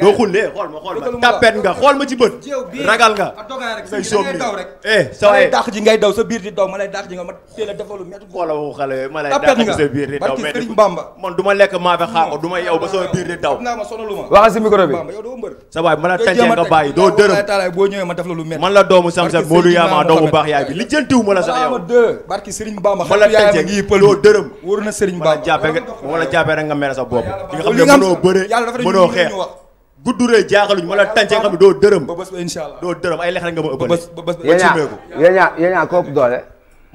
doo xullee xool ma xool ma tapet nga xool ma ci bët ragal nga eh, ma lay dàq ji nga a ma lay dàq sa biir di ma lekk maafe ba sama biir di daw waxal si micro bi sa waay ma nga ma def man la doomu Samsam Modou Yama doomu baax yaay bi li jëntiw ma la sax yow barki la tàncee ngi na Serigne Bamba jàppe nga xam ne mënoo bëre mënoo xeex gudduree jaaxaluñ ma la tàncee nga xam ne doo dërëm. ba bés ba incha doo dërëm ay lex rek nga ma ëppale. ba bés ba incha allah yéen ñaa ko ëpp doole.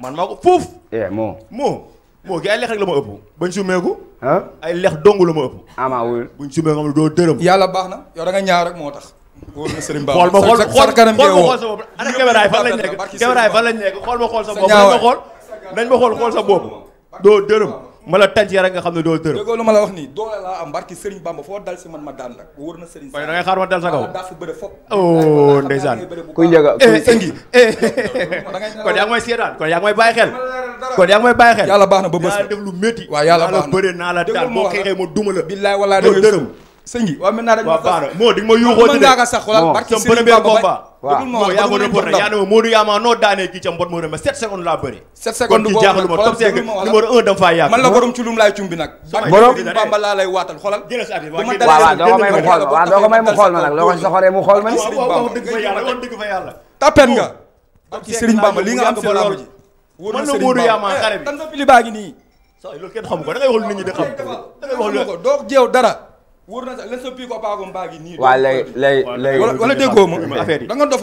man maa eh, ay lex rek la ma ëpp. bañ dong la ma ëpp. ama wul bu sumee nga xam ne doo dërëm. yàlla baax na yow da nga ñaar rek moo tax. wóor na Serigne Ba xool ma xool xool ma xool sa bopp ana caméra yi fan lañ nekk caméra fan lañ nekk xool ma xool sa bopp nañ ma xool nañ ma xool xool sa bopp doo dërëm mala tànc yara nga xam ne doo tërë déggoo lu ma la wax nii doole laa am barki Serigne Bamba foo dal si man ma daan la wóor na Serigne da ngay xaar ma dal sa kaw daa fi bëre fop oh ndeysaan kuy njëga eh, eh, sëngi eh, kon yaa ngi may seetaan kon yaa ngi may bàyyi xel kon yaa ngi may bàyyi baax na ba bës def lu métti waaw yàlla baax na bëre naa la daan boo xeexee ma duma la billaay walaay dërëm sëngi waaw maintenant dañ na moo di nga ma yuuxoo ci de sax wala barki waaw moo yaa may mu xool ma waaw doo may mu xool ma nag loo ko soxoree mu xool ma ni. waaw waaw dëgg fa nga. ci Serigne Bamba li nga am ci laabu ji. wóor da jeew dara wóor na sax sa pii ko paago mbaa gi nii. waaw léegi léegi wala déggoo ma affaire yi da nga da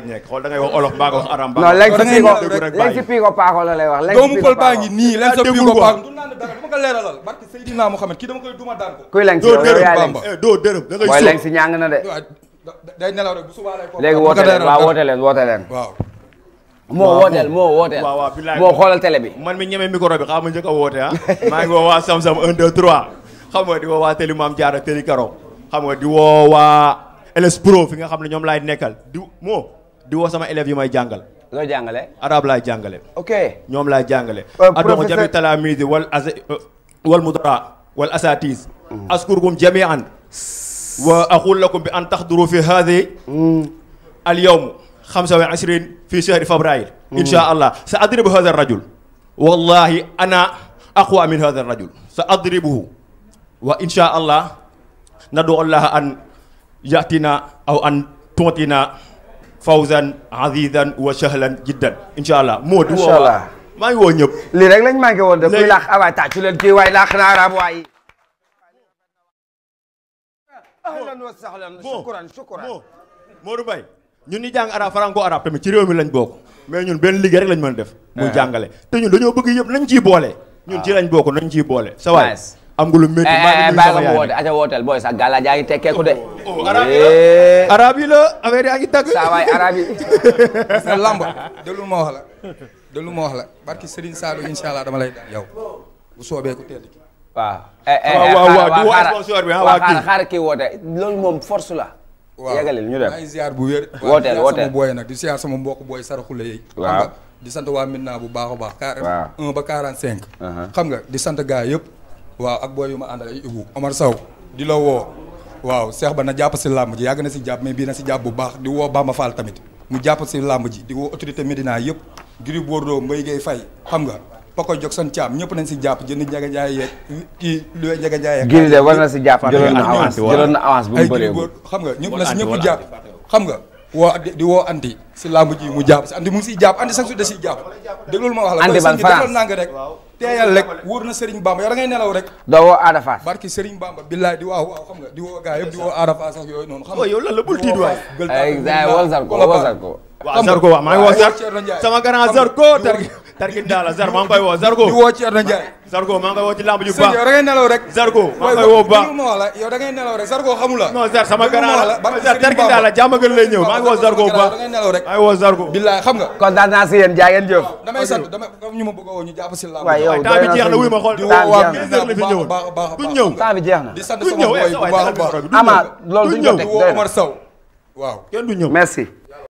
ngay wax olof mbaa nga wax aram mbaa. non léegi si pii ko paago la lay wax. doomu pël baa ngi nii léegi sa pii ko paago. du ko leeralal barke Seydina Mohamed kii dama koy duma daan ko. kuy lañ eh, de. day nelaw rek bu subaa lay ko. léegi woote leen waaw woote leen woote leen moo wooteel moo wooteel. waaw waaw bilaay moo xoolal bi. man mi ñeme micro bi xam nga njëkk a woote ah. maa waa Sam Sam 1 2 xam nga di woo waa tëli maam jaara tëli karo xam nga di woo waa LS Pro fi nga xam ne ñoom laay nekkal di moo di woo sama élèves yi may jàngal loo jàngale arab laay jàngale ok ñoom laay jàngale euh, adomo jami talamidi wal as euh, wal mudara wal asatis mm. askurkum jamian wa aqul lakum bi an taxduru fi hadi mm. al yawm xamsa wa ashrin fi shahri fabrail mm. insha allah sa adribu hada rajul wallahi ana aqwa min hada rajul sa adribuhu waa insha allah nadu allah an yatina aw an tuutina fawzan azizan wa sahlan jiddan insha allah moo di woo maa ngi woo ñëpp lii rek lañ maa ngi woon de kuy laax awaay tàccu waay laax na arab waay ahlan wa sahlan shukran shukran Modou Mbaye ñun ñi jàng arab franco arab tamit mi lañ bokk mais ñun benn liggéey rek lañ mën def muy ah. jàngale te ñun dañoo bëgg yëpp nañ ciy boole ñun ci ah. lañ bokk nañ ci boole sa am nga lu métti eh, maa ngi eh, nuyu woote aja wooteel booy sax gala jaa ngi tekkee de. Oh, oh, arab eh. yi la affaire yaa saa waay arab yi. sa lamb déglu ma wax la déglu ma wax la barki Serigne Sallou incha allah dama lay daan yow bu soobee ku teel ki waaw. waaw waaw ah, waaw xaar kii loolu moom force la. waaw yeggalil ñu dem bu wooteel wooteel sama booy nag di ziar sama mbokk booy saraxule yi. waaw di sant waa Minna bu baax a baax. waaw 1 ba 45. Uh-huh. xam nga di sant gars yëpp. waaw ak booy yu ma àndal ay Ibou Omar Sow di la woo waaw Cheikh ba na jàpp si làmb ji yàgg na si jàpp mais bii na si jàpp bu baax di woo Bamba Fall tamit mu jàpp si làmb ji di woo autorité Médina yëpp Gris Bordeaux Mbaye Guèye Faye xam nga Paco Jackson Thiam ñëpp nañ si jàpp jënd Ndiaga Ndiaye yeeg kii Loué Ndiaga Ndiaye yeeg Gris de war na si jàpp jëloon na avance jëloon na avance bu mu bëree xam nga ñëpp na si ñëpp jàpp xam nga woo di woo anti si làmb ji mu jàpp si anti mu ngi siy jàpp anti sax su da siy jàpp déglul ma wax la anti ban France déglul naa nga rek teeyal rek wóor na Serigne Bamba yow da ngay nelaw rek. doo woo Ada Fass. barki Serigne Bamba billaay di waaw waaw xam nga di woo gaa yëpp di woo Ada Fass ak yooyu noonu. xam nga yow lan la bul tiit waay. gël ko woo Zarko woo Zarko. waaw Zarko waaw maa ngi woo Zarko sama tarki daala zar maa ngi koy woo Zarko di woo ci Arna Ndiaye Zarko maa ngi koy woo ci lamb ju baax yow da ngay nelaw rek Zarko maa ngi Zarko la non zar la tarki daala jàmm gën maa ngi woo Zarko da ngay nelaw rek maa ngi woo Zarko billaay xam nga kontaan naa a woo ñu jàpp si lamb na wuy ma xool la fi ñëw du eh, a ama loolu duñ ko teg Omar Sow